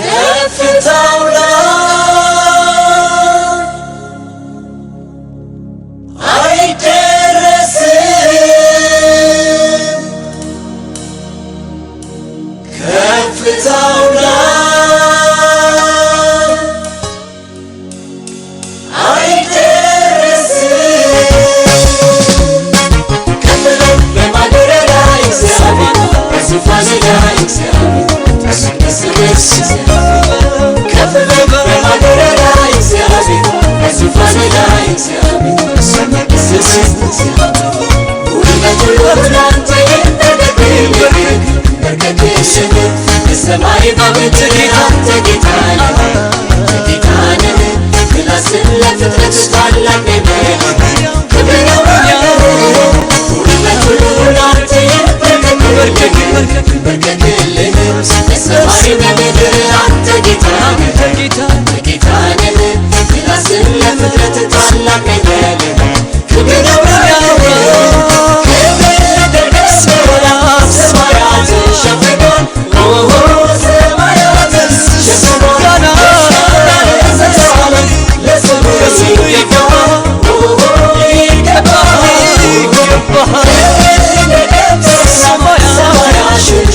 Hepsi Tavrat Hayter Resim Köflü Tavrat ነፍስ ከፍ በል አደራ ላይ እግዚአብሔር በዙፋን ላይ እግዚአብሔር ስመቅስስ ውበቱ ወዳንተ በቀቅ ይርቅ በቀቅ ስም በሰማይ በምድር አንተ ጌታ ነህ ጌታ ነህ ምላስን ለፍጥረት ታላቅ ነህ ክብር ሁሉ ላንተ በቀቅ በርቀቅ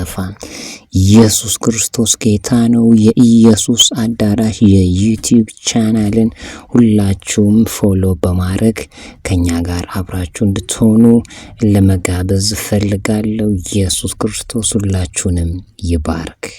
አይጠፋ። ኢየሱስ ክርስቶስ ጌታ ነው። የኢየሱስ አዳራሽ የዩቲዩብ ቻናልን ሁላችሁም ፎሎ በማድረግ ከኛ ጋር አብራችሁ እንድትሆኑ ለመጋበዝ እፈልጋለሁ። ኢየሱስ ክርስቶስ ሁላችሁንም ይባርክ።